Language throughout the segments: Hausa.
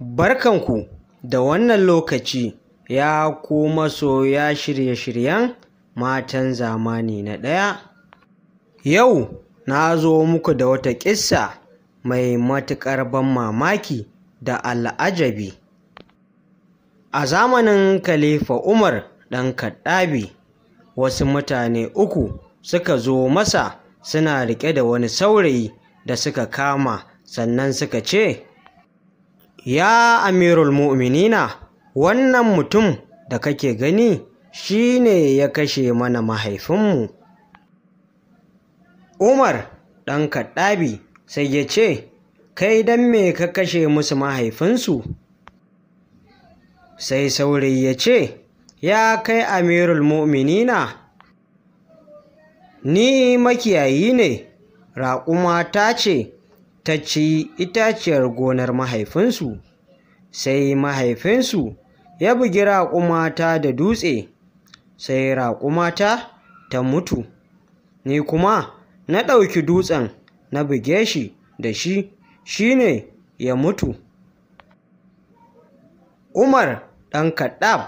Barkanku da wannan lokaci ya ku ya shirye-shiryen matan zamani na ɗaya. Yau na zo muku da wata ƙissa mai matuƙar ban mamaki da al'ajabi. A zamanin Khalifa Umar ɗan Kaddabi, wasu mutane uku suka zo masa suna riƙe da wani saurayi da suka kama sannan suka ce, ya amirul mu'minina wannan mutum da kake gani shi ne ya kashe mana mahaifinmu umar ɗan kaɗabi sai ya ce kai don me ka kashe musu mahaifinsu sai saurayi ya ce ya kai amirul mu'minina ni makiyayi ne raƙuma ta ce ta ci itaciyar gonar mahaifinsu, sai mahaifinsu ya bugi raƙumata da dutse, sai raƙumata ta mutu, ni kuma na ɗauki dutsen na buge shi da shi, shi ne ya mutu. Umar ɗan Kaɗab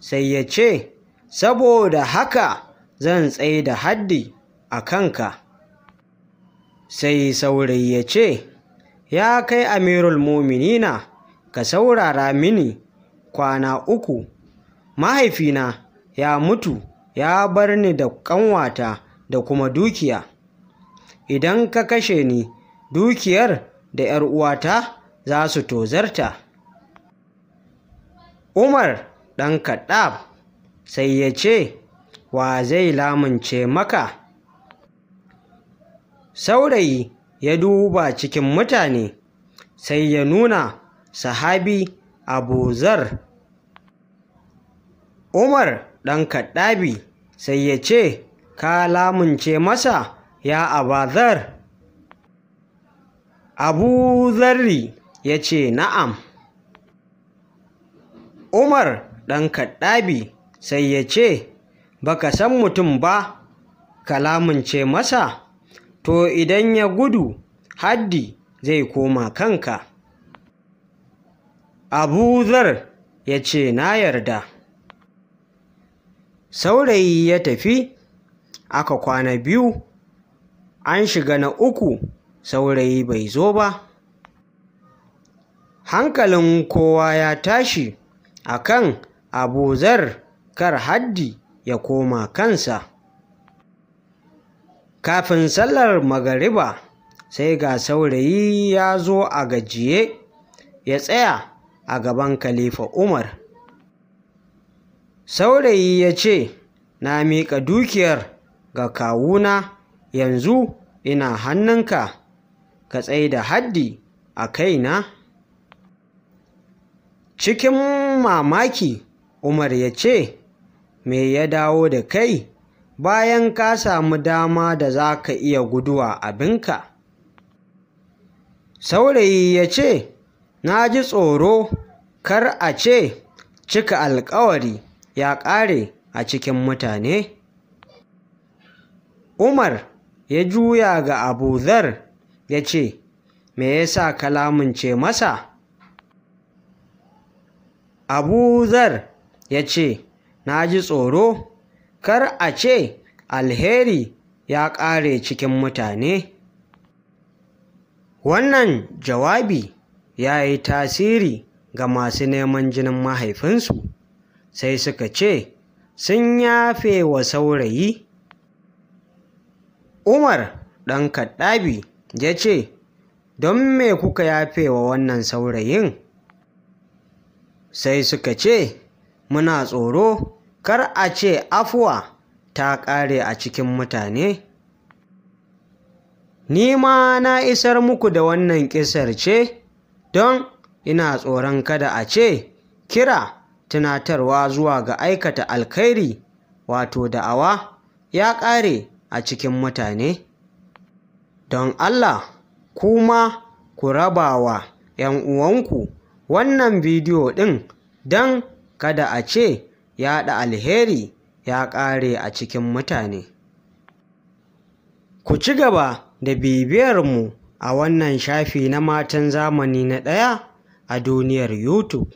sai ya ce, Saboda haka zan tsaye da haddi a kanka. sai saurayi ya ce ya kai amirul muminina ka saurara mini kwana uku mahaifina ya mutu ya bar ni da ƙanwata da kuma dukiya idan ka kashe ni dukiyar da 'yar uwata za su tozarta umar ɗan kaɗab sai ya ce wa zai lamunce maka Saurayi ya duba cikin mutane, sai ya nuna sahabi Abu Zar Umar ɗan kaɗabi, sai ya ce, Ka lamunce masa, ya Abazar? Abu Zarri ya ce, Na'am. Umar ɗan kaɗabi, sai ya ce, Baka san mutum ba, ka lamunce masa? to idan ya gudu haddi zai koma kanka abu zar ya ce na yarda saurayi ya tafi aka kwana biyu an shiga na uku saurayi bai zo ba hankalin kowa ya tashi a akan abuzar kar haddi ya koma kansa kafin sallar magariba sai ga saurayi ya zo a gajiye ya tsaya a gaban khalifa umar saurayi ya ce na miƙa dukiyar ga kawuna yanzu ina hannunka ka tsaye da haddi a kaina cikin mamaki umar ya ce me ya dawo da kai bayan ka samu dama da za ka iya guduwa abinka. Saurayi ya ce, Na ji tsoro, kar a ce, cika alkawari ya ƙare a cikin mutane. Umar ya juya ga Abu Zar ya ce, Me ya yasa ce masa? Abu Zar ya ce, Na ji tsoro, kar a ce alheri ya ƙare cikin mutane wannan jawabi ya yi tasiri ga masu neman jinin mahaifinsu sai suka ce sun yafe wa saurayi umar ɗan kaɗabi ya ce don me kuka yafe wa wannan saurayin sai suka ce muna tsoro kar a ce afuwa ta ƙare a cikin mutane ni ma na isar muku da wannan ƙisar ce don ina tsoron kada a ce kira tunatarwa zuwa ga aikata alkhairi wato da'awa ya ƙare a cikin mutane don allah kuma ku raba wa 'yan uwanku wannan bidiyo ɗin don kada a ce yaɗa alheri ya ƙare a cikin mutane. Ku ci gaba da bibiyarmu a wannan shafi na Matan Zamani na ɗaya a duniyar YouTube.